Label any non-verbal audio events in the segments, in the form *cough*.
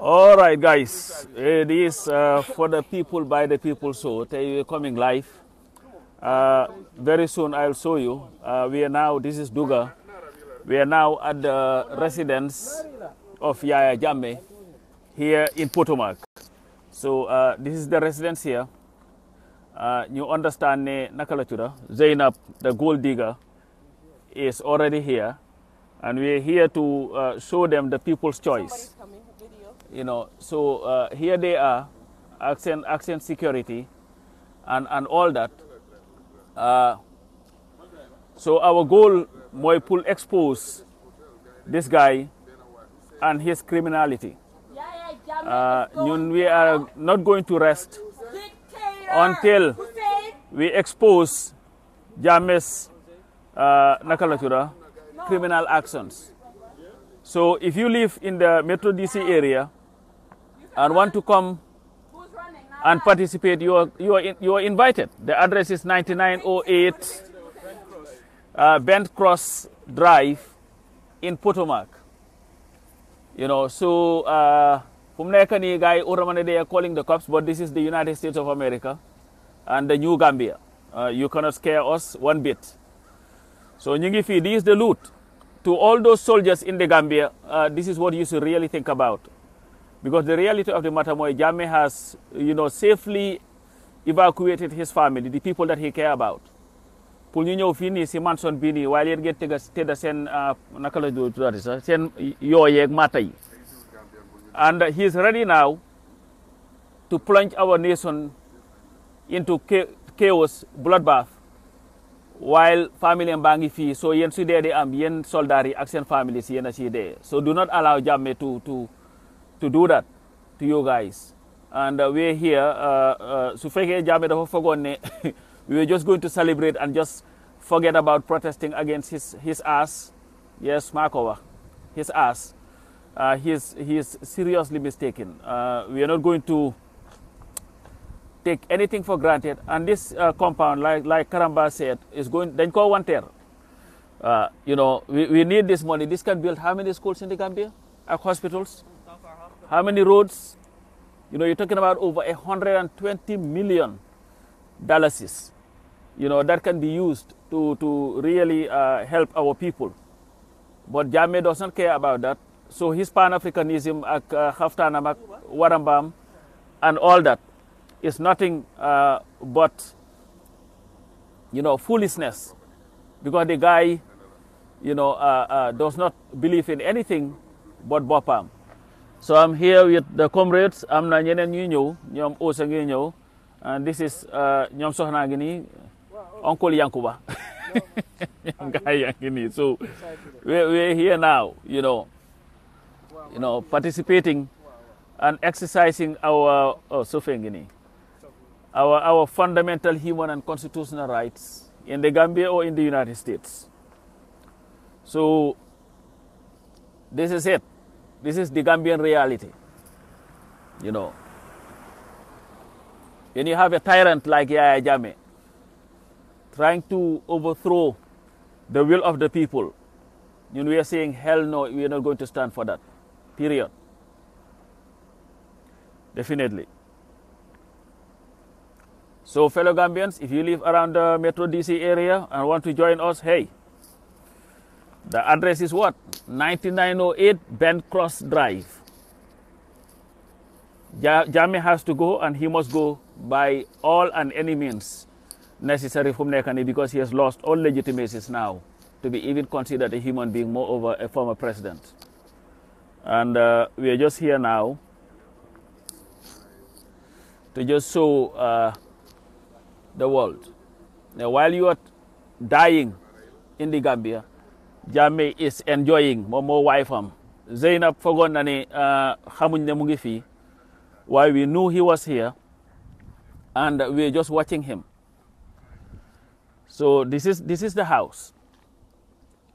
All right, guys. It is uh, for the people by the people. So they are coming live. Uh, very soon I'll show you. Uh, we are now. This is Duga. We are now at the residence of Yaya Jame here in Potomac. So uh, this is the residence here. Uh, you understand Nakalatura Zainab, the gold digger, is already here, and we are here to uh, show them the people's choice you know so uh, here they are accent accent security and and all that uh, so our goal moy pull expose this guy and his criminality uh, we are not going to rest until we expose James uh, Nakalatura criminal actions. So if you live in the Metro DC area, and want to come and participate, you are, you, are in, you are invited. The address is 9908 uh, Bent Cross Drive in Potomac. You know, so uh, Humnekani guy Uramane they are calling the cops, but this is the United States of America and the New Gambia. Uh, you cannot scare us one bit. So Nyingifi, this is the loot. To all those soldiers in the Gambia, uh, this is what you should really think about. Because the reality of the matter, Moe Jame has, you know, safely evacuated his family, the people that he care about. pour ñu ñëw fii nii si manson bii nii waaye yéen ngeen tëgg a tëdda seen uh, naka la tuddati sax and he is ready now to plunge our nation into chaos bloodbath while family and baa fee. so yéen su dee dee am yéen soldats yi ak so do not allow Jammeh to to to do that to you guys. And uh, we're here. Sufeke uh, uh, *laughs* we were just going to celebrate and just forget about protesting against his, his ass. Yes, Markova, his ass. Uh, he's, he's seriously mistaken. Uh, we are not going to take anything for granted. And this uh, compound, like, like Karamba said, is going, then call one tear. Uh, you know, we, we need this money. This can build how many schools in the Gambia? Like hospitals? How many roads? You know, you're talking about over 120 million dollars. You know, that can be used to, to really uh, help our people. But Jame doesn't care about that. So his Pan-Africanism, ak, uh, Haftanamak, Warambam, and all that is nothing uh, but, you know, foolishness. Because the guy, you know, uh, uh does not believe in anything but Bopam so I'm here with the comrades i am na ñeneen ñuy ñëw ñoom Ousse ngi ñëw and this is uh, ñoom soxnaa ngi Yankuba *laughs* so we're here now you know you know participating and exercising our oh, our our fundamental human and constitutional rights in the Gambia or in the United States so this is it this is the Gambian reality. You know, when you have a tyrant like Yaya Jame trying to overthrow the will of the people, you know, we are saying, hell no, we are not going to stand for that. Period. Definitely. So, fellow Gambians, if you live around the Metro DC area and want to join us, hey, the address is what? 9908 Cross Drive. Jame has to go and he must go by all and any means necessary from Nekani because he has lost all legitimacies now to be even considered a human being, moreover, a former president. And uh, we are just here now to just show uh, the world. Now, while you are dying in the Gambia, Jammeh is enjoying moom moo wife am Zeynab foogoon na ni uh, xamuñ ne mu ngi fii we knew he was here and we are just watching him so this is this is the house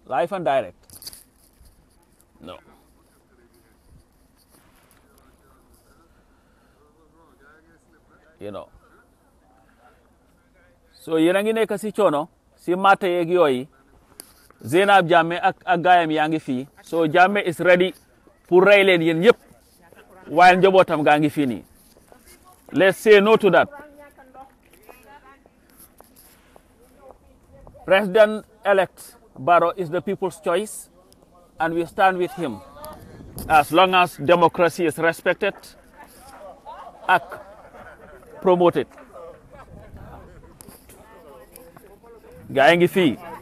live and direct no you know so yéen a ngi nekk si coono si matt yeeg Zina Jammeh ak ak gaayam yaa so jamme is ready pour rey leen yéen yëpp waaye njabootam gaa ngi fii let's say no to that president elect Barrow is the people's choice and we stand with him as long as democracy is respected and promoted gaa fi.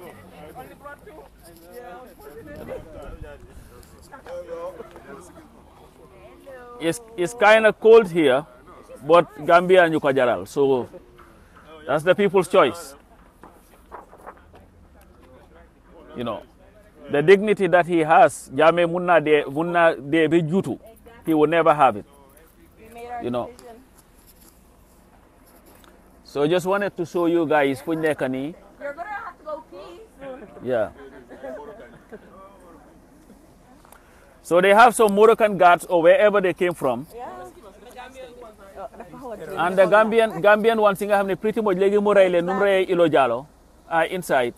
it's, it's kind of cold here, but Gambia and Yukajaral. So that's the people's choice. You know, the dignity that he has, Jame Munna de Munna de Bijutu, he will never have it. You know. So I just wanted to show you guys You're gonna have to go pee soon. Yeah. So they have some Moroccan guards or wherever they came from. Yeah. And the Gambian Gambian ones nga xamne pretty much legi mo rayle num ray ilo jalo uh, inside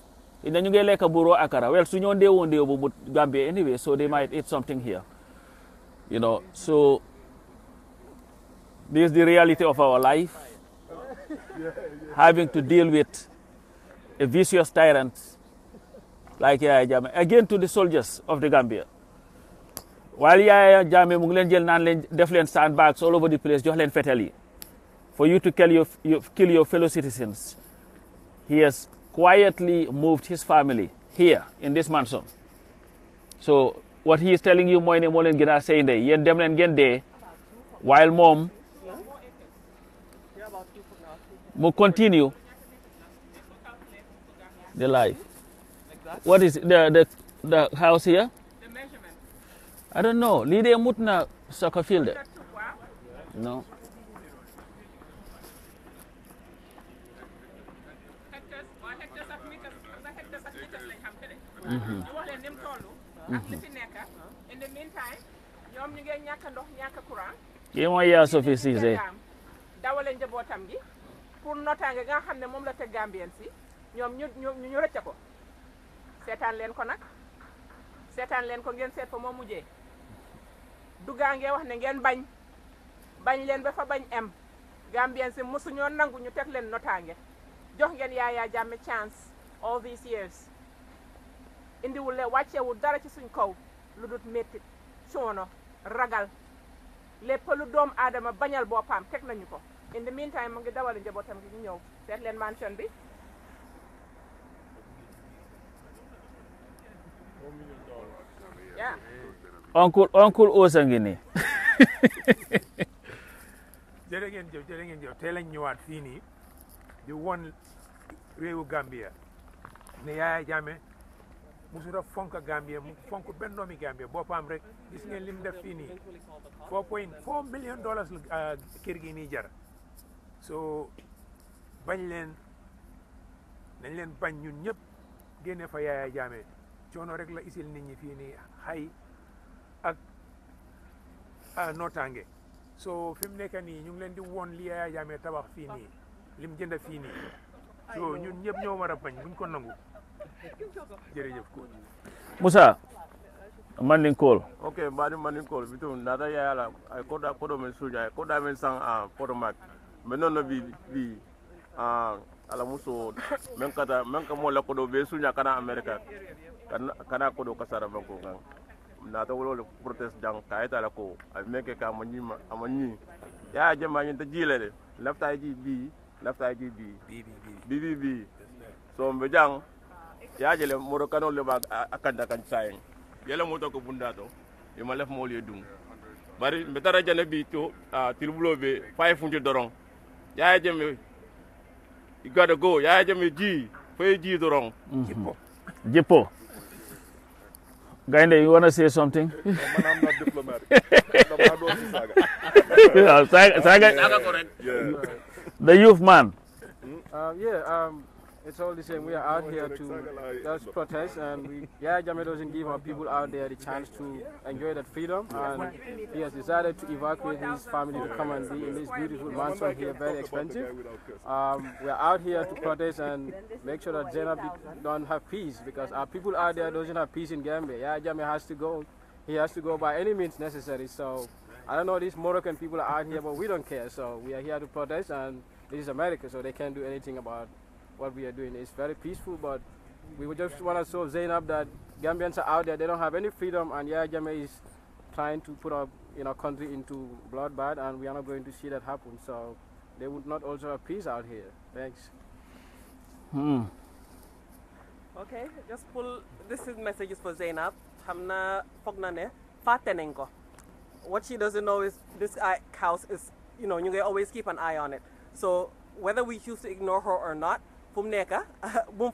dañu ngay lek buro akara well su ñoo ndewo ndewo bu Gambia anyway so they might eat something here you know so this is the reality of our life having to deal with a vicious tyrant like Yaya again to the soldiers of the Gambia while Yaya Jammeh mu ngi leen jël naan leen def leen sandbags all over the place jox leen yi for you to kill your, your, kill your fellow citizens he has quietly moved his family here in this mansion so what he is telling you mooy ne moo leen gën a ndey yéen dem while mom, mu continue the life what is the the the house here I don't know. Lii dee mut na soccer field de. No. Mm-hmm. kii mm-hmm. mooy yaa Sophie Cissé dawale njabootam gi pour notaange nga xam ne moom la teg Gambien si ñoom ñu ñu ñu rëcc ko seetaan leen ko nag seetaan leen ko ngeen seet fa moo mujjee dugaa ngee wax ne ngeen bañ bañ leen ba fa bañ em Gambien si mosuñoo nangu ñu teg leen notaange jox ngeen Yaya Jammeh chance all these years indiwul le wàccewul dara ci suñ kaw lu dut métti coono ragal lépp lu doom aadama bañal boppam teg nañu ko in the meantime mu ngi dawal njabootam gi ñu ñëw seet leen mansion bi onkul onkul osa ngini *laughs* Jere ngeen jëf jërë ngeen jëf fini di won rewu Gambia ne Yaya jame musura fonka Gambia mu fonku ben nomi Gambia boppam rek gis ngeen lim def fini 4.4 million dollars la ah, kër gi ni jar so bañ leen nañ leen bañ ñun ñep génne fa Yaya jame coono rek la isil nit ñi fii nii ak ah, nootaange so fim nek ni ñu ngi leen di won li ya Jammeh tabax fi ni lim jënd fi ni so ñun ñëpp ñoo wara bañ buñ ko nangu ko Musa ni kol ok mbadi mandin kol bitum Nada ya la ay ko do men suja ko da men sang a ah, kodo mak men non bi bi a ah, ala muso men kata men ka mo la do be suja kana america kana kana kodo kasara banko kan nata wolo le protest jang ka eta la ko ay meke ka mo nyima amo nyi ya je ma nyi te jile de lafta ya ji bi lafta ya ji bi bi bi bi bi so mbe jang ya je le moro kano le ba akanda kan sayen yele moto ko bunda to yuma lef mo le dum bari mbe tara bi to tilbulo be fay funti dorong ya je me you gotta go ya je me ji fay ji dorong mhm. jippo jippo Gainde, you want to say something? *laughs* I'm not diplomatic. The youth man. Hmm? Uh, yeah, um, it's all the same. We are out here to just protest, and we, yeah, Jammeh doesn't give our people out there the chance to enjoy that freedom. And he has decided to evacuate his family to come and be in this beautiful mansion here, very expensive. Um, we are out here to protest and make sure that Zainab don't have peace because our people out there doesn't have peace in Gambia. Yeah, Jammeh has to go. He has to go by any means necessary. So I don't know these Moroccan people are out here, but we don't care. So we are here to protest, and this is America, so they can't do anything about. it what we are doing. It's very peaceful, but we just want to show Zainab that Gambians are out there. They don't have any freedom, and yeah, Jame is trying to put our you know, country into bloodbath, and we are not going to see that happen. So they would not also have peace out here. Thanks. Hmm. Okay, just pull. This is messages for Zainab. Hamna fognane fatenengo. What she doesn't know is this house is you know you always keep an eye on it. So whether we choose to ignore her or not, from mu nekk bu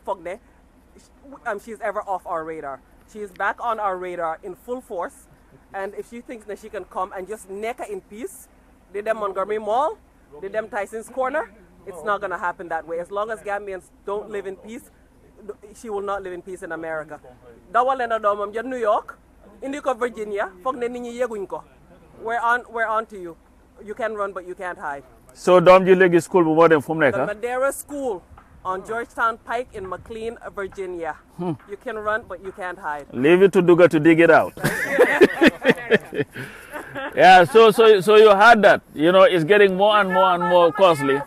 she's ever off our radar she is back on our radar in full force and if she thinks that she can come and just nekk in peace di dem Montgomery Mall di dem Tyson's Corner it's not going to happen that way as long as Gambians don't live in peace she will not live in peace in America dawale na you're New York indi Virginia foog ne nit we're on we're on to you you can run but you can't hide so doom ji léegi school bu moo dem fu The nekk ah? Madera school on Georgetown Pike in McLean, Virginia. Hmm. You can run, but you can't hide. Leave it to Duga to dig it out. *laughs* yeah, so, so, so you heard that. You know, it's getting more and more and more costly.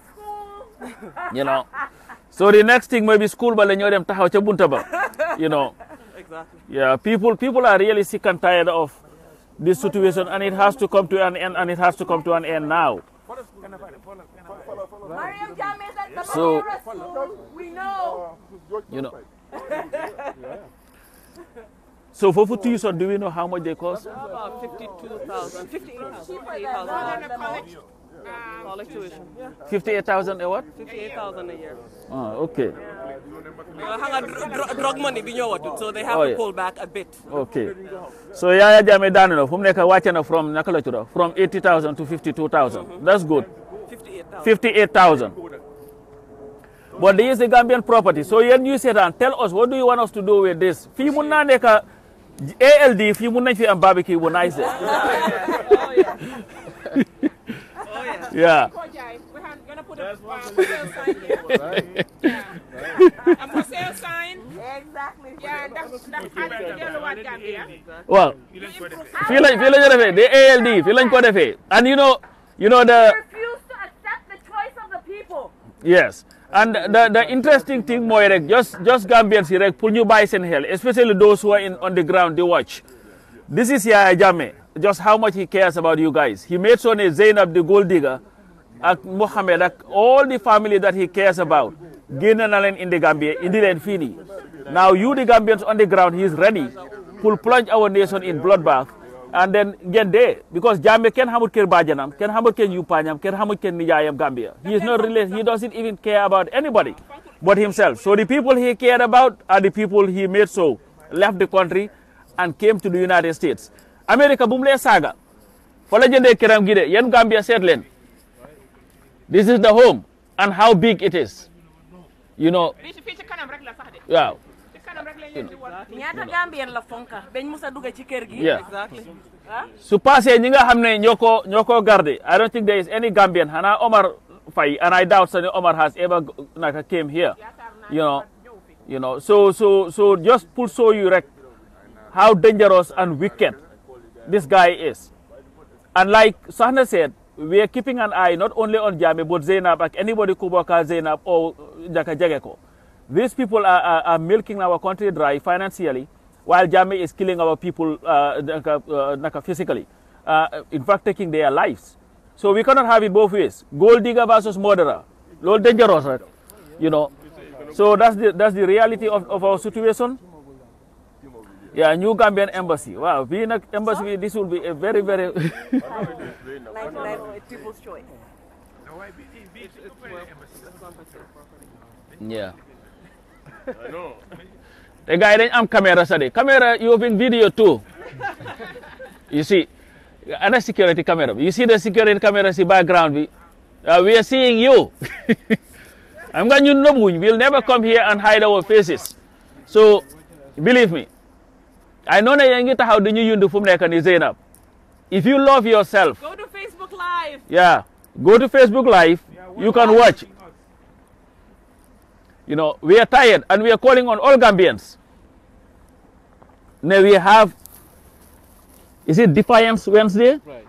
You know. So the next thing maybe school but lañu dem You know. Exactly. Yeah, people people are really sick and tired of this situation and it has to come to an end and it has to come to an end now. So, we know. You know. *laughs* So for food years, do we know how much they cost? About 52,000, 58,000. Um, college tuition. 58,000 a what? 58,000 a year. Ah, okay. Drug money bi ñëwatul so they have oh, yeah. to pull back a bit. Okay. So yeah, Jammeh daanu from naka from 80,000 to 52,000. Mm-hmm. That's good. 58,000. But this is the Gambian property. So when you sit down, tell us, what do you want us to do with this? Fi mun na neka ALD, fi mun nañ fi am barbecue bu nice. Oh, *laughs* yeah. right. yeah. right. A sale sign. Exactly. Yeah, that's that's what Gambia. Well, feel like feel like the ALD, feel like And you know, you know the yes and the, the interesting thing Moirek, just just Gambians yi rek new bias in hell, especially those who are in on the ground they watch this is Yaya Jammeh just how much he cares about you guys he made sure zain Zeynab the gold digger ak Mohamed ak all the family that he cares about génne na leen Gambia indi leen fii now you the Gambians on the ground he is ready to plunge our nation in bloodbath and then ngeen dee because Jammeh kenn xamul kër baajanam kenn xamul kër yuppaañam kenn xamul kër nijaayam Gambia he is not related he doesn't even care about anybody but himself so the people he cared about are the people he made so left the country and came to the United States America bu saga. lee jende fa la jëndee këram gi de Gambia seet leen this is the home and how big it is you know waaw ñaata Gambien la fonka bañ musa dugg ci kër gi. Ah? su passé ñi nga xam ne ñoo ko ñoo ko gardé I don't think there is any Gambian xanaa Omar Faye and I doubt that Omar has ever naka came here you know you know so so so just pour show you rek how dangerous and wicked this guy is and like Sahna said we are keeping an eye not only on Jammeh but Zainab ak anybody ku bokk Zainab or Jaka Jegeko These people are, are, are milking our country dry financially, while Jame is killing our people uh, uh physically, uh, in fact, taking their lives. So we cannot have it both ways. Gold digger versus murderer. Low dangerous, right? You know. So that's the, that's the reality of, of our situation. Yeah, New Gambian Embassy. Wow, being an embassy, this will be a very, very. *laughs* people's choice. Yeah. I know. *laughs* The guy dañ am caméra today. caméra you have video too *laughs* you see a security camera you see the security camera si background uh, we are seeing you *laughs* I'm going to ñun nëbbuñ we'll never come here and hide our faces so believe me I know ne yaa ngi how di ñu yund fu mu nekk if you love yourself go to Facebook Live yeah go to Facebook Live you can watch you know, we are tired and we are calling on all Gambians. Now we have, is it Defiance Wednesday? Right.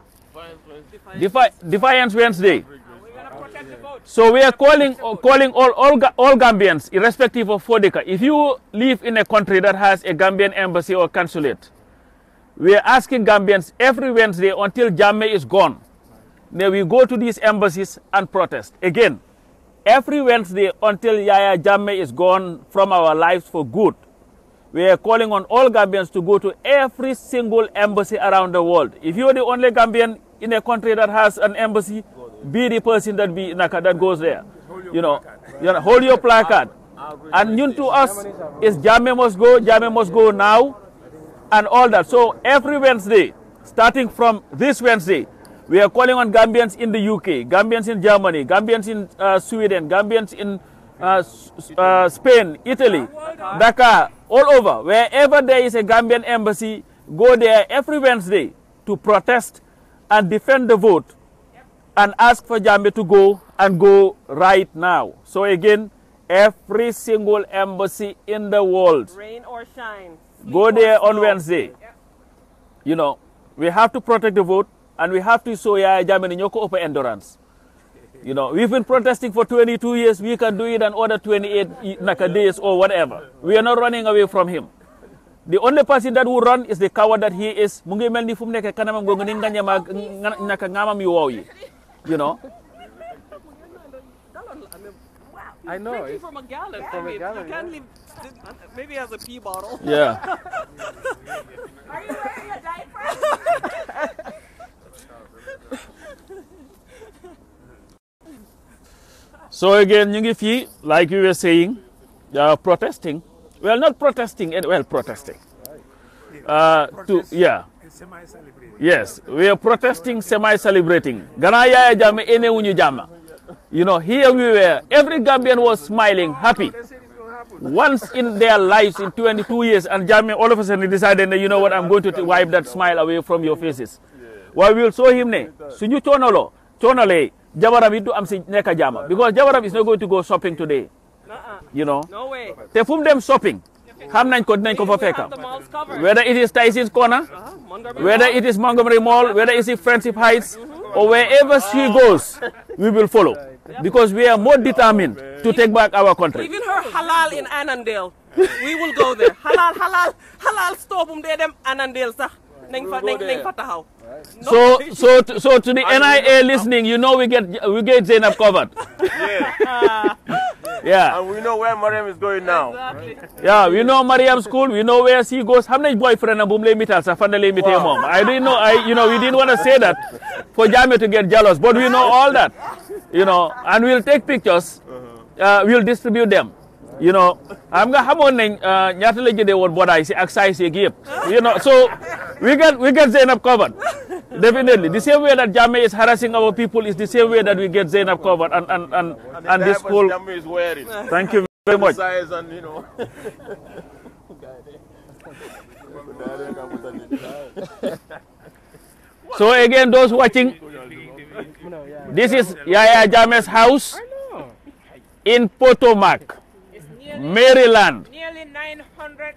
Defi Defiance Wednesday. So we are calling uh, calling all, all, all Gambians, irrespective of Fodeka. If you live in a country that has a Gambian embassy or consulate, we are asking Gambians every Wednesday until Jammeh is gone. Now we go to these embassies and protest again. Every Wednesday until Yaya Jamme is gone from our lives for good, we are calling on all Gambians to go to every single embassy around the world. If you are the only Gambian in a country that has an embassy, be the person that be that goes there. You know, you know hold your placard. And new to us is Jamme must go, Jamme must go now, and all that. So every Wednesday, starting from this Wednesday, we are calling on Gambians in the UK, Gambians in Germany, Gambians in uh, Sweden, Gambians in uh, uh, Spain, Italy, Dakar, all over. Wherever there is a Gambian embassy, go there every Wednesday to protest and defend the vote and ask for Gambia to go and go right now. So again, every single embassy in the world. Rain or shine. Go there on Wednesday. You know, we have to protect the vote. And we have to show Yaya Jame Nyoko open endurance. You know, we've been protesting for 22 years. We can do it order 28 Naka days or whatever. We are not running away from him. The only person that will run is the coward that he is. Mungi melni fum neke kanamam gongo ninga naka ngamam You know? I know. you from a gallon. Yeah. From a gallon, you can't yeah. Maybe as a pee bottle. Yeah. *laughs* So again, ñu like you were saying uh, protesting well not protesting and well protesting uh, to yeah yes we are protesting semi celebrating gana ya jamme ene wuñu jamma you know here we were every gambian was smiling happy once in their lives in 22 years and jamme all of a sudden decided you know what i'm going to wipe that smile away from your faces Why we'll show him ne suñu tonolo tonale jabaram it am si neka jama because jabaram is not going to go shopping today you know te fu mu dem shopping xam nañ ko dinañ ko fa whether it is Tyson's Corner uh-huh. whether it is Montgomery Mall whether it is Friendship Heights mm-hmm. or wherever she uh-huh. goes *laughs* we will follow because we are more determined to take back our country even her halal in Annandale we will go there halal halal halal store bu mu dem Annandale sah so so so to the NIA listening you know we get we get Zainab covered. *laughs* yeah. yeah. And we know where Mariam is going now. Exactly. Yeah, we know Mariam's school. We know where she goes. How many boyfriend and boom meetal safandale meetal mom? I didn't know. I you know we didn't want to say that for Jamie to get jealous, but we know all that, you know. And we'll take pictures. Uh-huh. Uh, we'll distribute them. you know I'm gonna. Uh, ñaata la jëndee woon you know so we get we get Zainab covered. Definitely. The same way that Jame is harassing our people is the same way that we get Zainab covered and and and, and, and this whole is wearing. Thank you very much. And, you know. *laughs* so again those watching this is Yaya Jame's house in Potomac, Maryland. Nearly 900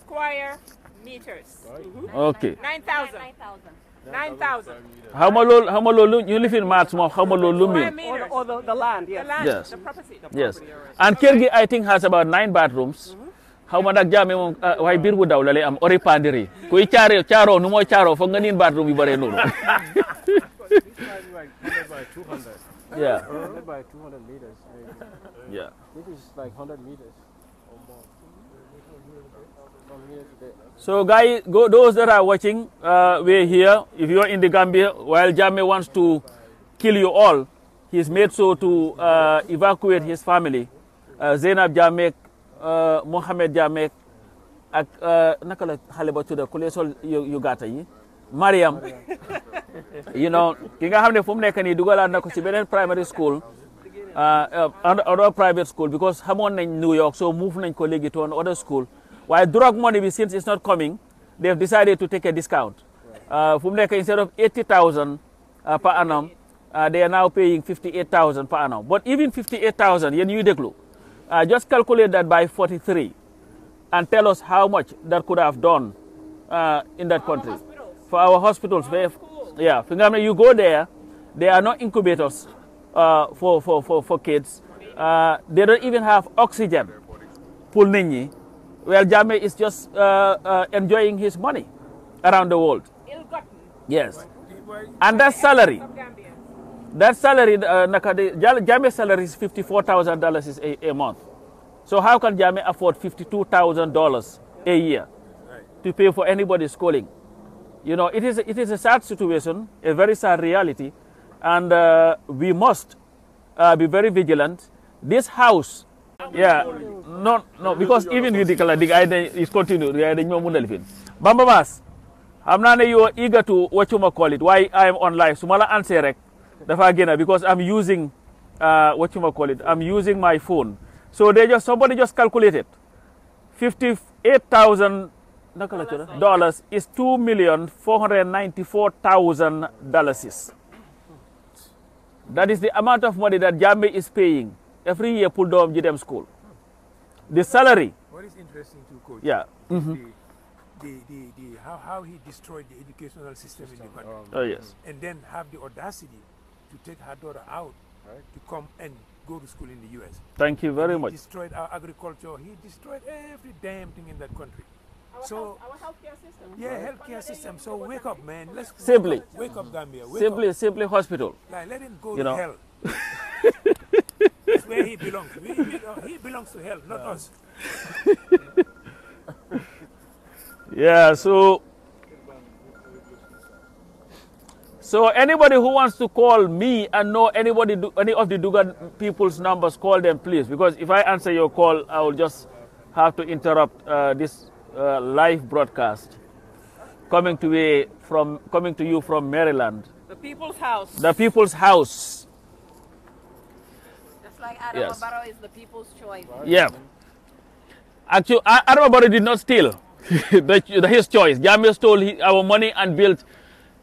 square meters. Mm-hmm. Okay. 9,000. 9,000. How much how much you live in Mars more? How much loan mean? Or, or the, the, land, yes. The land, yes. the property. The yes. Property and Kirgi, I think, has about nine bathrooms. Mm -hmm. How much that jam mong uh, why bir budaw lale am ori pandiri. Ko charo charo no mo charo fo nganin bathroom ibare no. *laughs* Yeah. By 200 meters. Yeah. This is like 100 meters. So guys, go, those that are watching, uh, we're here. If you're in the Gambia, while Jame wants to kill you all, he's made so to uh, evacuate his family. Uh, Zainab Jamek, uh, Mohamed Jamek, ak uh, nakala xale ba tudda ku lee sol yu Mariam *laughs* you know ki nga xam ne fu mu nekk nii dugalaat na ko ci beneen primary school uh, uh, other private school because xamoon in New York so move to another school while drug money, since it's not coming, they've decided to take a discount. Uh, Fumleka, instead of 80,000 uh, per annum, uh, they are now paying 58,000 per annum. But even 58,000, need yudeglu, uh, just calculate that by 43 and tell us how much that could have done uh, in that country. For our hospitals. For our hospitals. yeah, you go there, they are not incubators uh, for, for, for, for kids. Uh, they don't even have oxygen. Pulnini. Well, Jame is just uh, uh, enjoying his money around the world. Ill-gotten. Yes. And that salary, that salary, uh, salary is $54,000 a, a month. So how can Jame afford $52,000 a year to pay for anybody's schooling? You know, it is, it is a sad situation, a very sad reality, and uh, we must uh, be very vigilant. This house yeah non no because even ridiculous the idea is continued the idea ñoo a lifin Bamba Bass xam naa ne you are eager to what you call it why I am on live su answer rek dafa génn because I'm using uh, what you ma call it I'm using my phone so they just somebody just calculated dollars is two million dollars that is the amount of money that Jammeh is paying every year pull down GDM school. The salary. What is interesting to coach? Yeah. Mm -hmm. the, the, the, the, how, how he destroyed the educational system, system. in the oh, country. Oh, yes. And then have the audacity to take her daughter out right. to come and go to school in the U.S. Thank you very he much. He destroyed our agriculture. He destroyed every damn thing in that country. Our so health, our healthcare system. Yeah, right. healthcare system. So wake up, man. Let's simply wake up, Gambia. Wake simply, up. simply hospital. Like, let him go you to know. hell. *laughs* where he belongs. We, uh, he belongs to hell, not yeah. us. *laughs* yeah, so. So anybody who wants to call me and know anybody, any of the Dugan people's numbers, call them please. Because if I answer your call, I will just have to interrupt uh, this uh, live broadcast coming to, me from, coming to you from Maryland. The People's House. The People's House. Like Adam yes. is the people's choice. Yeah. Actually, Adamabaro did not steal. his choice. Jamil stole our money and built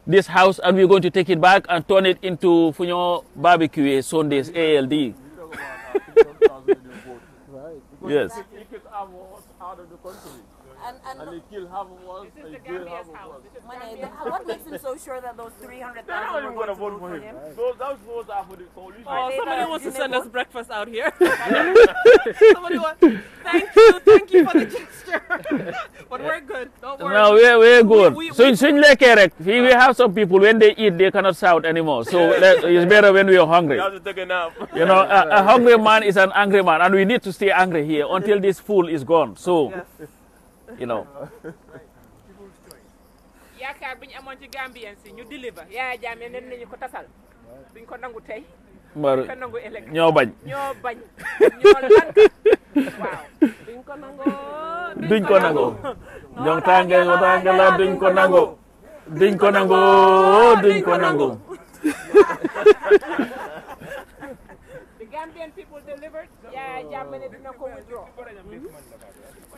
this house, and we're going to take it back and turn it into Funyo Barbecue Sundays ALD. yes. And, and, and they kill half of us. This is the Gambia's house. *laughs* what makes him so sure that those 300,000 They're not even going to vote for him. him. Right. Those, those votes are for the coalition. Oh, somebody wants to send us breakfast out here. *laughs* somebody wants, thank you, thank you for the gesture. *laughs* but we're good, don't worry. No, we're, we're good. We, we, so we, in Sinle Kerek, we, have some people, when they eat, they cannot shout anymore. So it's better when we are hungry. You have to take a nap. You know, a, a hungry man is an angry man, and we need to stay angry here until this fool is gone. So. Yes. you know. amoon ci Gambien si ñu deliver Yaya Jammeh ko tasal duñ ko nangu tey. duñ ko nangu ëllëg bañ. ñoo ko nangoo. duñ ko nangoo ñoom tànge tànge la ko nangoo.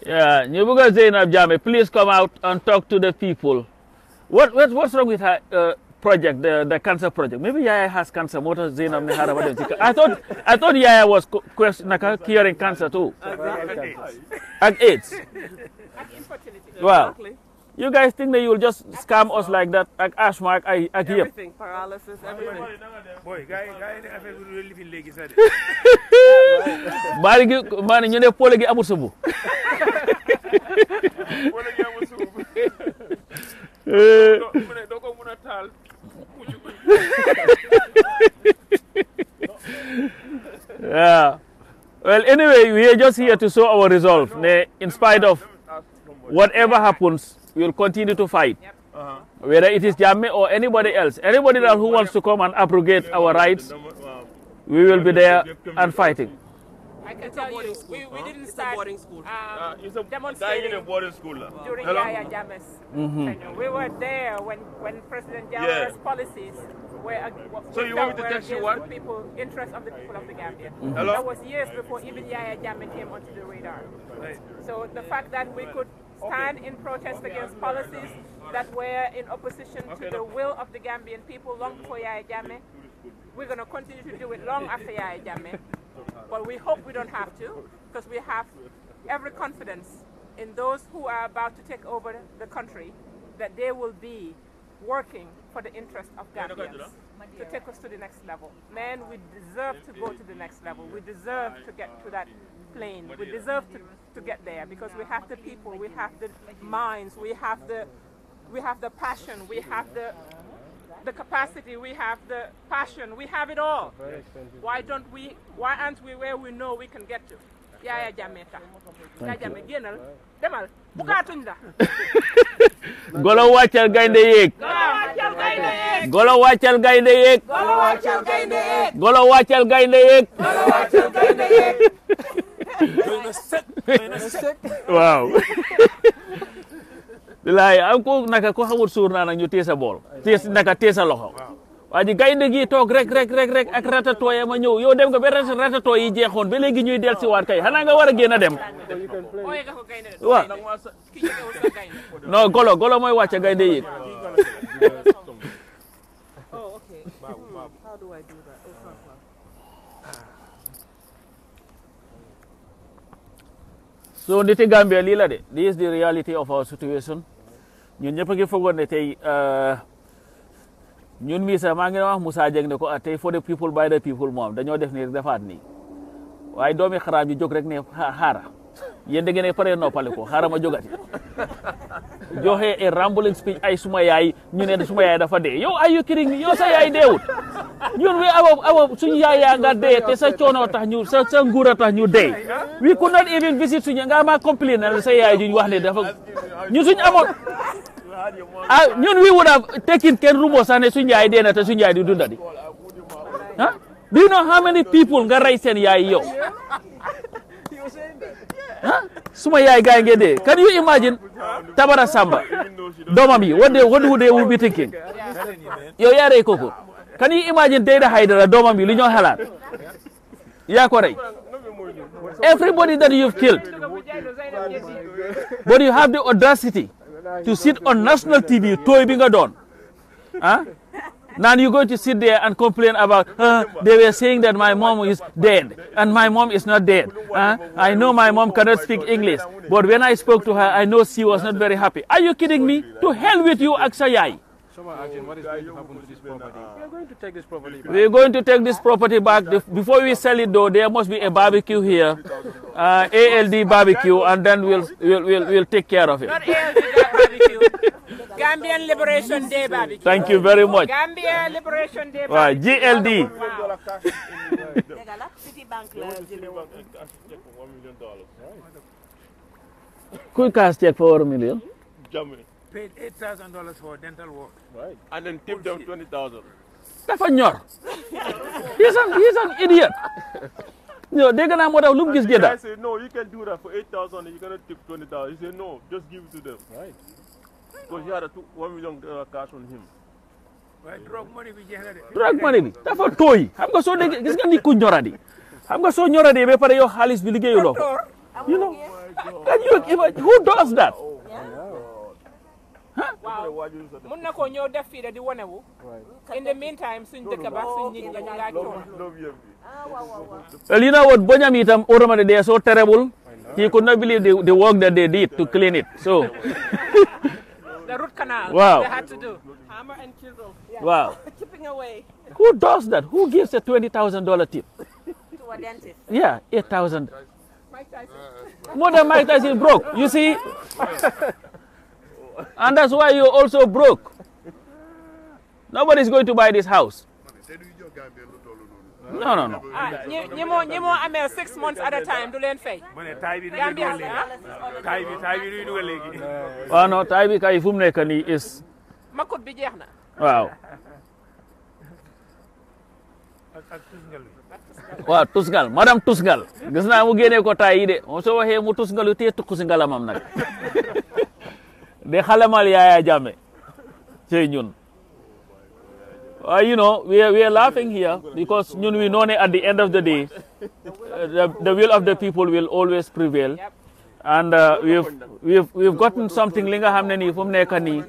Yeah, Nyebuga Zainab Jame, please come out and talk to the people. What, what what's wrong with her uh, project, the, the cancer project? Maybe Yaya has cancer. What is Zainab I thought I thought Yaya was curing cancer too. And AIDS. And infertility. Exactly. You guys think that you will just scam us like that? Like Ashmark, I, I give. Everything, paralysis, everything. Boy, guy, guy, I will live in Lagos. Bari gi man you, ne polé gi amul subu. Polé gi amul subu. Euh, Yeah. Well, anyway, we are just here to show our resolve. Ne, In spite of whatever happens, we will continue to fight. Yep. Uh -huh. Whether it is Jamme or anybody else, anybody else who wants to come and abrogate our rights, we will be there and fighting. I can tell you, we, we huh? didn't start boarding school. Um, uh, it's a demonstrating in a boarding school. Uh, during Hello? Yaya Jammeh's mm -hmm. We were there when, when President Jammeh's yeah. policies were, were So you want me to text you what? People, interest of the people of the Gambia. Mm -hmm. Hello? That was years before even Yaya Jammeh came onto the radar. So the fact that we could stand in protest against policies that were in opposition to the will of the Gambian people long before Yaya Jammeh. We're going to continue to do it long after Yaya Jammeh. But we hope we don't have to because we have every confidence in those who are about to take over the country that they will be working for the interest of Gambians to take us to the next level. Man, we deserve to go to the next level. We deserve to get to that plane. We deserve to, to get there because we have the people, we have the minds, we have the we have the passion, we have the the capacity, we have the passion, we have it all. Why don't we why aren't we where we know we can get to? Yeah, yeah, tax yaa jàmme génnal demal bukaatuñ la *laughs* golo wàccal gaynde yéeg golo wàccal gaynde yeeg golo wàccal gaynde yeeg golo wàccal gaynde yeeg waaw bilaay am ko naka ko xamul suur naa nag ñu tees bool tees naka tees loxo waa ji gaynde gi toog rek rek rek rek ak ratatooya ma ñëw yo dem nga ba ratatooy yi jeexoon ba léegi ñuy del si waat kay xanaa nga war a génn dem waaw golo golo mooy wàcca gaynde yéeg so ndete Gambia lii la de this is the reality of our situation ñun ñëpp a ngi fogoon ne tey uh, ñun mii sax maa ngi wax Moussa Dieng ne ko ah tey for the people by the people moom dañoo def nii rek defaat nii waaye doomi xaraam yi jóg rek ne xaara yéen da ngeen pare noppaliku xaaral ma jógati joxe a rambling speech ay suma yaay ñu ne suma yaay dafa dee yow are you kidding me yow sa yaay deewut ñun we awa awa suñu yaay yaa nga dee te sa coono tax ñu sa sa nguur tax ñu dee we could not even visit suñu nga ma complain na sa yaay juñ wax ne dafa ñu suñ amoon ah ñun we would have taken kenn rumo sax ne suñu yaay dee na te suñu yaay di dundadi ah do you know how many people nga rey seen yaay yow ah suma yaay gaa nge dee can you imagine Tabara Samba doomam yi what they what they will be thinking yow yaa rey kooku can you imagine Dayda Haidara doomam yi lu ñoo yaa ko everybody that you've killed but you have the audacity to sit on national TV tooy bi nga doon Now you're going to sit there and complain about, uh, they were saying that my mom is dead, and my mom is not dead. Uh, I know my mom cannot speak English, but when I spoke to her, I know she was not very happy. Are you kidding me? To hell with you, Aksayai. So, Ajin, what is going to happen to this property? We are going to take this property back. We are going to take this property back. Before we sell it, though, there must be a barbecue here, uh, ALD barbecue, and then we'll, we'll, we'll, we'll take care of it. Not ALD barbecue. Gambian Liberation Day barbecue. Thank you very much. Gambia Liberation Day barbecue. Right, GLD. Wow. Quick cash check for a one million. Germany. paid eight thousand dollars for dental work. Right. And then tip them 20,000. dafa ñor he's an he's an idiot no they're gonna have what I look this I said no you can do that for eight 8000 you gonna tip twenty thousand. he said no just give it to them right because he had a two, one million dollar uh, cash on him Right, drug money bi jeex na it. drug money bi dafa toy xam nga soo dégg gis nga nit ku ñoradi xam nga soo ñoradi ba pare yow xaalis bi liggéeyuloo ko you know and you who does that oh. mun na ko ñoo def fii da di wonewu in the meantime suñ dëkk ba suñ nit dañu laajoon ah, well you know what Bonyam itam already they are so terrible he could not believe the, the work that they did to clean it so the root canal wow they had to do hammer and chisel yeah. *laughs* chipping away who does that who gives a $20,000 tip to a dentist yeah 8,000 Mike Tyson more than Mike Tyson broke you see *laughs* And that's why you're also broke. Nobody's going to buy this house. No, no, no. ah ñi ñi moo ñi moo amee six months at a time du learn fay. mu ne taay bi dañuy dugal léegi taay bi taay bi duñu dugal léegi. waaw non taay bi kay fu mu nekk is. makut bi jeex na. waaw. waaw tusngal madame tusngal gis naa mu génnee ko taay yi de moom soo waxee mu tusngalu te tukku si ngalamam they halamal Yaya Jame. uh, you know, we are, we are laughing here because you know, we know at the end of the day, uh, the, the will of the people will always prevail. And uh, we've, we've, we've gotten something linga hamneni from nekani.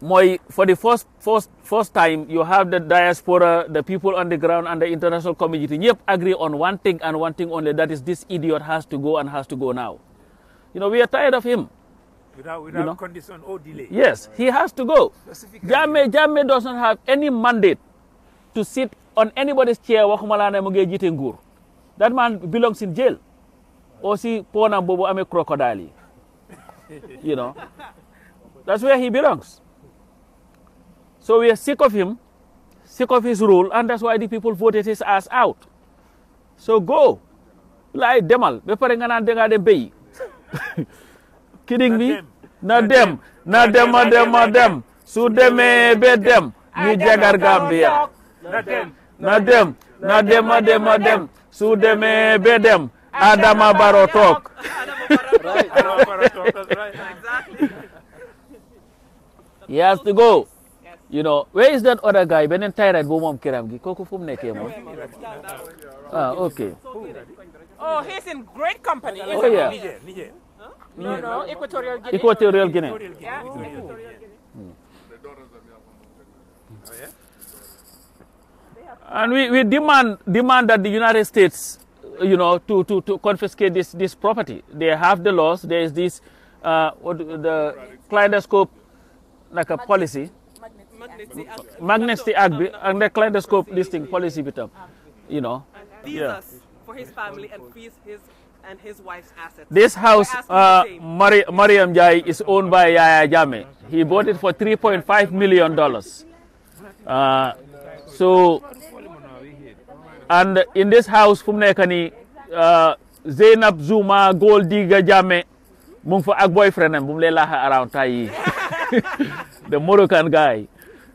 Moi, for the first, first, first time, you have the diaspora, the people on the ground, and the international community. Yep, agree on one thing and one thing only. That is, this idiot has to go and has to go now. You know, we are tired of him. Without, without you know? condition or delay. Yes, he has to go. Jame, Jame doesn't have any mandate to sit on anybody's chair. That man belongs in jail. Or see, Pona Bobo, I'm a crocodile. *laughs* You know, that's where he belongs. So we are sick of him, sick of his rule, and that's why the people voted his ass out. So go. Like Demal, before denga de going kidding me? Na dem, na dem, na dem, na dem. Su deme be dem. Ni jagar Gambia. Na dem, na dem, na dem, na dem, na dem. Su deme be dem. Adam Abaro talk. He has to go. You know, where is that other guy? Benen Tyrant Bomom Kiramgi. Koko Fum Nekemo. Ah, okay. Oh, he's in great company. Oh, yeah. No, no, Equatorial Guinea. Equatorial Guinea. Equatorial Guinea. Yeah, Equatorial Guinea. Oh, yeah? Mm. And we, we demand, demand that the United States, you know, to, to, to confiscate this, this property. They have the laws. There is this, uh, what, the kaleidoscope like a policy. Magnetsy Act. and the kaleidoscope listing policy, bitam, you know. And yeah. for his family and fees his and his wife's assets. This house, uh, Mariam Jai, is owned by Yaya Jame. He bought it for $3.5 million. Uh, so, and in this house, Fumnekani, uh, Zainab Zuma, Gold Digger Jame, mung fa ak boyfriend and bum lay laxa around tay *laughs* the moroccan guy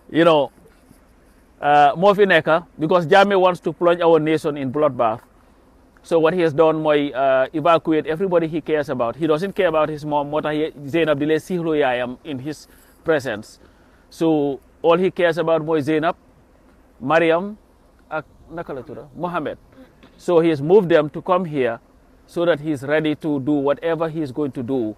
you know uh, more because Jame wants to plunge our nation in bloodbath so what he has done my uh, evacuate everybody he cares about. He doesn't care about his mom, mota Zainab dile sihlu I am in his presence. So all he cares about my Zainab, Mariam, nakalatura, Mohammed. So he has moved them to come here so that he's ready to do whatever he is going to do.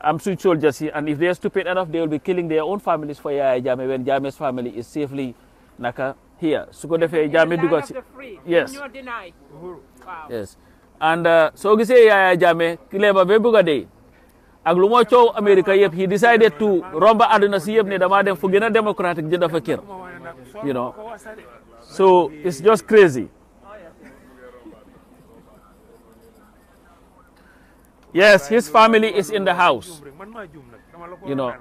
I'm sure soldiers and if they're stupid enough, they will be killing their own families for Yaya Jame when Jame's family is safely naka here su ko defee jaame dugal si yes yes and uh, soo gisee yaaya jaame kileba ba bëgg a dee ak lu moo coow Amérique yëpp he decided to romba àdduna si yëpp ne damaa dem fu gën a démocratique fa kër so it's just crazy yes his family is in the house you know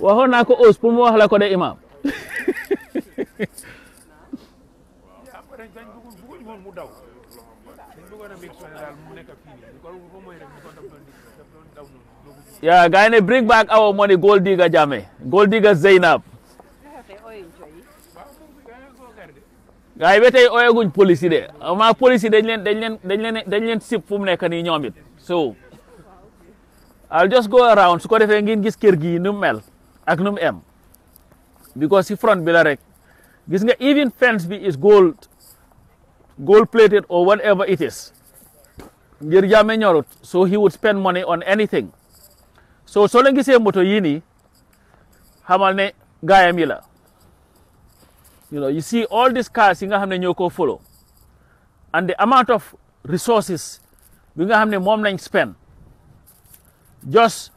waxoon naa ko ose pour mu ko de imam Yeah, guy, they bring back our money, gold digger Jame. Gold digger Zainab. Guy, we tell you, good policy there. Our policy, they len, they len, they len, they len sip from neck just go around. So, if you get kirgi, num mel, ak num em. because si front bi la rek gis nga even fence bi is gold gold plated or whatever it is ngir jaame ñorut so he would spend money on anything so soo leen gisee moto yii nii xamal ne gaayam yi la you know see all these cars yi nga xam ne ñoo ko follow and the amount of resources bi nga xam ne moom lañ spend just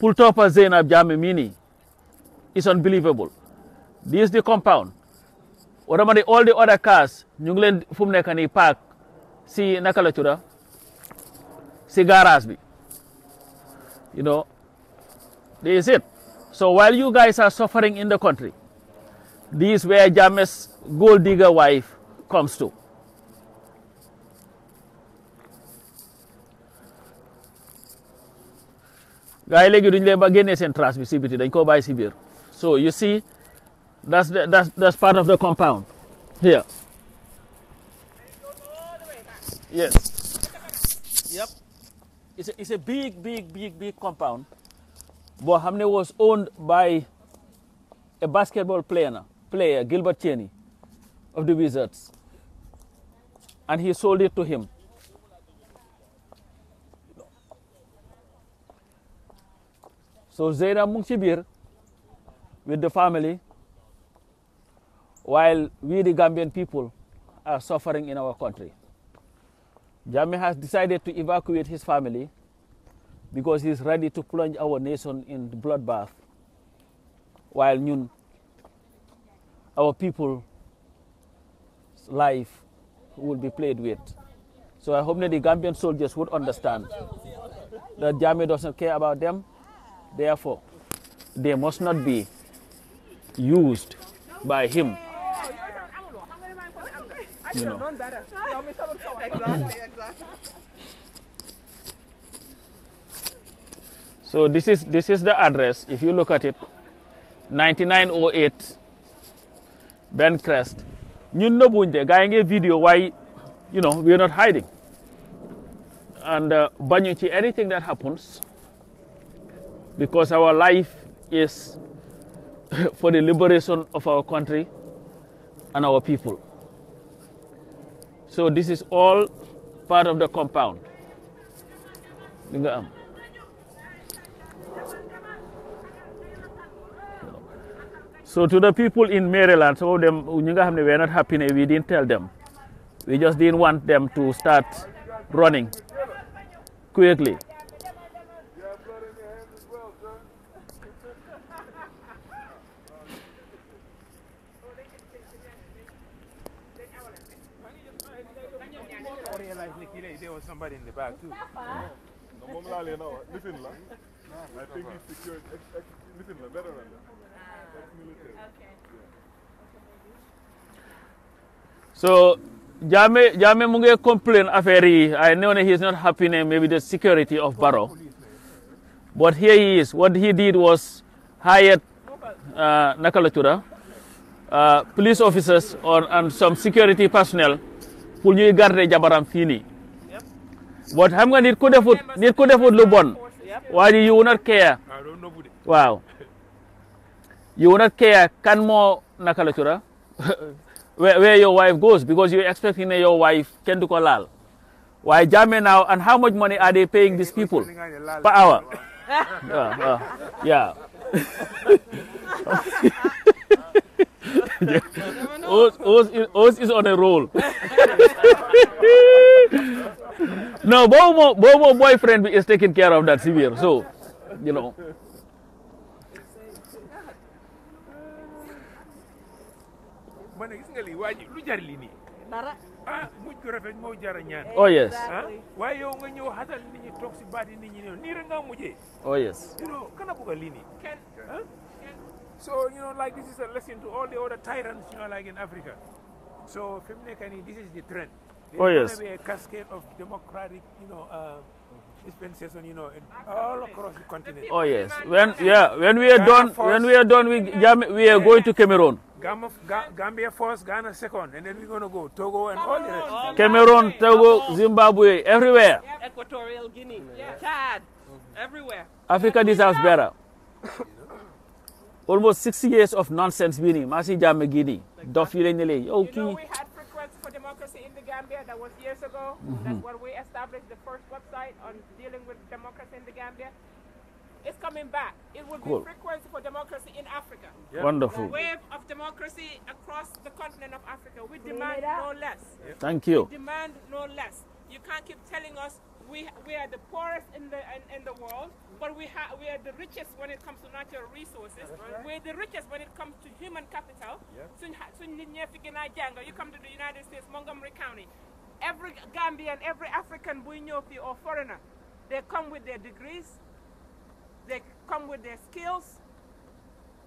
pour toppa Zeynab Jammeh mii nii It's unbelievable this is the compound What about all the other cars you ngi leen fu mu park See, naka la tudda garage you know this is it so while you guys are suffering in the country this is where James gold digger wife comes to gaa yi léegi duñ leen ba génnee seen trace bi si dañ koo bàyyi si biir so you see, that's, the, that's, that's part of the compound here. Yes. Yep. It's a, it's a big, big, big, big compound. But Hamne was owned by a basketball player, player Gilbert Cheney of the Wizards. And he sold it to him. So Zaira Mungchibir with the family while we, the Gambian people, are suffering in our country. Jame has decided to evacuate his family because he's ready to plunge our nation in bloodbath while Nyun, our people's life will be played with. So I hope that the Gambian soldiers would understand that Jame doesn't care about them. Therefore, they must not be used by him. You know. so this is this is the address. If you look at it, 9908 Bencrest. You know, de gaa video why, you know we are not hiding and uh, banyuchi anything that happens because our life is *laughs* for the liberation of our country and our people. So this is all part of the compound. So to the people in Maryland, some of them, we were not happy, we didn't tell them. We just didn't want them to start running quickly. somebody in the back too. Normally now, listen la. I think he's secured. Ex, ex, listen la, veteran la. Ah, Ex-military. Okay. So, Jame, Jame Munge complain affair. I know he's not happy in maybe the security of Barrow. But here he is. What he did was hired uh, Nakalatura, uh, police officers or, and some security personnel who knew guard Jabaram Fini. but xam nga nit ku defut nit ku defut lu bon waa ji you will not care ah, waaw you will not care kan moo naka la tura *laughs* where, your wife goes because you're expecting your wife can do kolal. Jamme now and how much money are they paying these people per hour? *laughs* yeah. *laughs* yeah. Oz, Oz, is, on a roll. no, Bomo, Bomo boyfriend is taking care of that severe. So, you know. mana gis nga lu jar dara ah rafet ñaan. oh yes yow nga xatal nit ñi baati nit ñi nga oh yes. kana So, you know, like this is a lesson to all the other tyrants, you know, like in Africa. So, this is the trend. There's oh, yes. going to be a cascade of democratic, you know, uh, dispensation, you know, all across the continent. Oh yes, when yeah, when we are Ghana done, first, when we are done, we we are going to Cameroon. Gambia, Gambia first, Ghana second, and then we're gonna go Togo and all the rest. Cameroon, Togo, Zimbabwe, everywhere. Equatorial Guinea, yeah. Chad, everywhere. Africa deserves better almost six years of nonsense bii nii maa si jàmm gii nii dof yi for democracy in the Gambia. That was years ago. Mm -hmm. That's where we established the first website on dealing with democracy in the Gambia. It's coming back. It will cool. be frequency for democracy in Africa. Yeah. Wonderful. The wave of democracy across the continent of Africa. We demand no less. Yeah. Thank you. We demand no less. You can't keep telling us we, we are the poorest in the, in, in the world, but we, have we are the richest when it comes to natural resources. Right. We're the richest when it comes to human capital. Yeah. You come to the United States, Montgomery County. Every Gambian, every African, Buinyopi or foreigner, they come with their degrees, they come with their skills,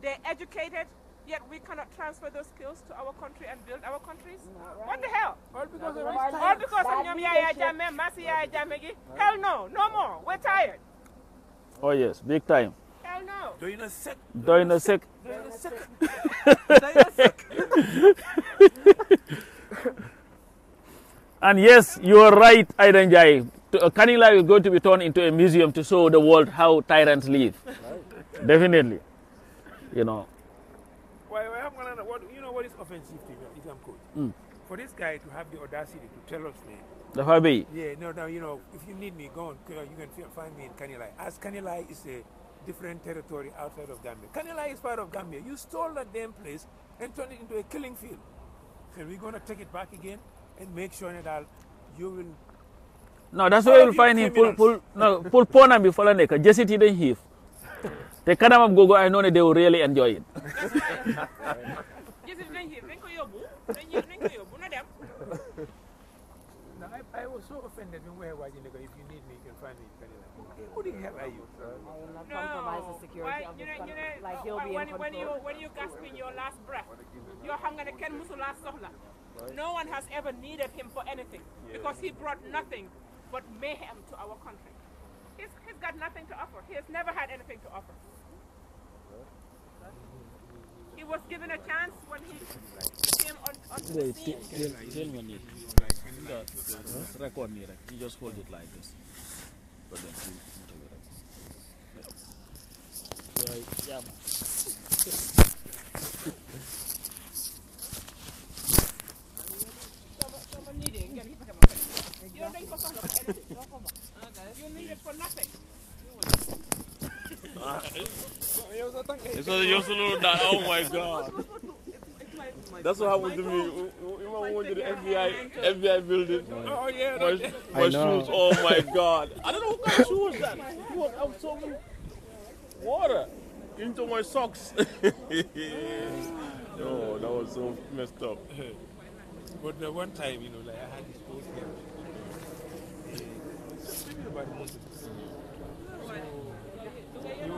they're educated, yet we cannot transfer those skills to our country and build our countries? Right. What the hell? All because, no, right. All because of Nyom Yaya Jame, Masi Yaya Jamegi? Hell no, no more. We're tired. Oh yes, big time. Hell no. Do you know sick? Do you know sick? Do you know sick? And yes, you are right, Iron Jai. Uh, Kanila is going to be turned into a museum to show the world how tyrants live. Definitely. You know offensive thing, if I'm Mm. For this guy to have the audacity to tell us that. The hobby. Yeah, no, no, you know, if you need me, go on, you can find me in Kanilai. As Kanilai is a different territory outside of Gambia. Kanilai is part of Gambia. You stole that damn place and turned it into a killing field. So we're going to take it back again and make sure that you will. No, that's where you'll find him. Pull, pull, no, pull Pona before the neck. Jesse didn't heave. They cut him up, go. I know that they will really enjoy it. *laughs* No, I, I was so offended when we were watching the If you need me, you can find me. Who the hell are you? I will not no. compromise the security Like, he'll uh, be in when You, when you in your last breath, your hunger, Ken last sohla. No one has ever needed him for anything because he brought nothing but mayhem to our country. He's, he's got nothing to offer. He has never had anything to offer he was given a chance when he came on, onto the scene. Tell, tell record me, you just hold it like this. But then you do it Right, yeah. *laughs* You don't *laughs* need it for nothing. Eso yo solo Oh my god. That's what happened to me. Remember when we went to the FBI, FBI building? Oh, yeah. My, my shoes, oh my god. I don't know what kind of shoe was that. You I'm so water into my socks. Oh, that was so messed up. But the one time, you know, like I had this post game. Uh, about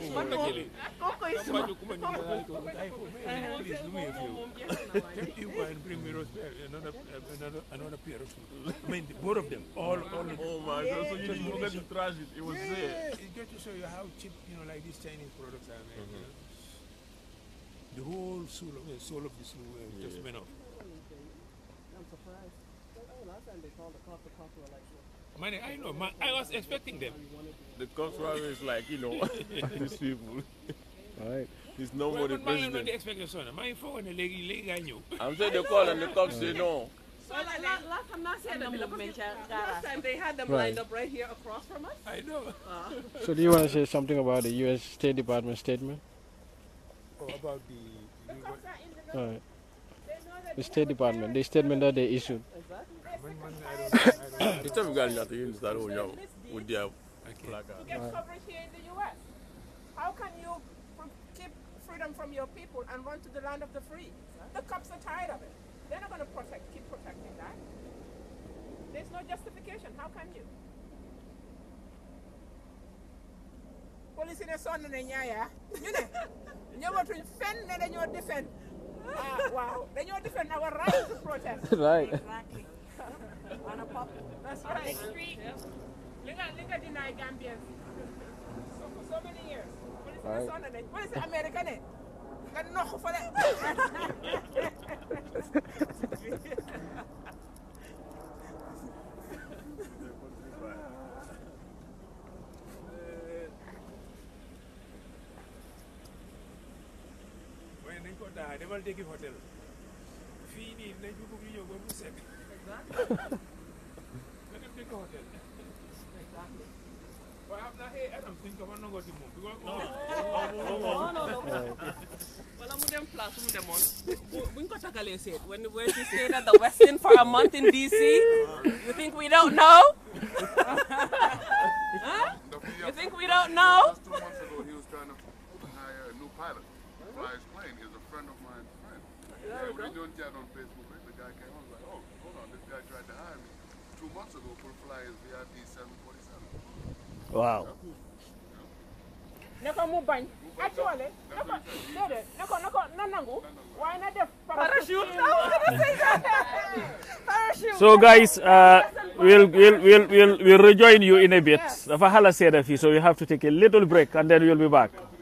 Primero, another, another pair of shoes. I both of them, all, all. Oh my God! So you to it. It was yeah, there. to show you how cheap, you know, like these Chinese products are. The whole soul of the soul uh, yeah. just went off. I'm surprised. oh, last time they called the cops, the cops were like. Money, I know. Man, I was expecting them. The cultural is like, you know, *laughs* these people. All right. He's no well, more the president. Man, not expecting son. Man, for when the lady, lady I knew. I'm sure they call and the cops say no. So like, like, last, last time, last, time, last time they had them right. lined up right here across from us. I know. Uh. So do you want to say something about the U.S. State Department statement? Oh, about the... All right. The State Department, the statement that they issued it's time we got that with their You get coverage here in the U.S. How can you keep freedom from your people and run to the land of the free? The cops are tired of it. They're not going to protect, keep protecting that. There's no justification. How can you? Police in a son in a nyaya. You know, you want to defend then you defend. Ah, wow. Then you defend our right to protest. Right. Exactly up. That's right. The street. Look at look at the so for so many years. What is right. the it? What is it American it? Eh? Got no for that. When they go you hotel when we stayed at the Westin for a month in DC, you think we don't know? huh? You think we don't know? two months ago, he was trying to hire a new pilot. Fly his plane. He's a friend of mine. Friend. Yeah, we don't chat on Facebook. The guy came home two months ago could 747. Wow. Actually, dede, nanangu. Why not the parachute? I was gonna say that. *laughs* parachute. So guys, uh, we'll, we'll, we'll, we'll, we'll rejoin you in a bit. Yes. So we have to take a little break and then we'll be back.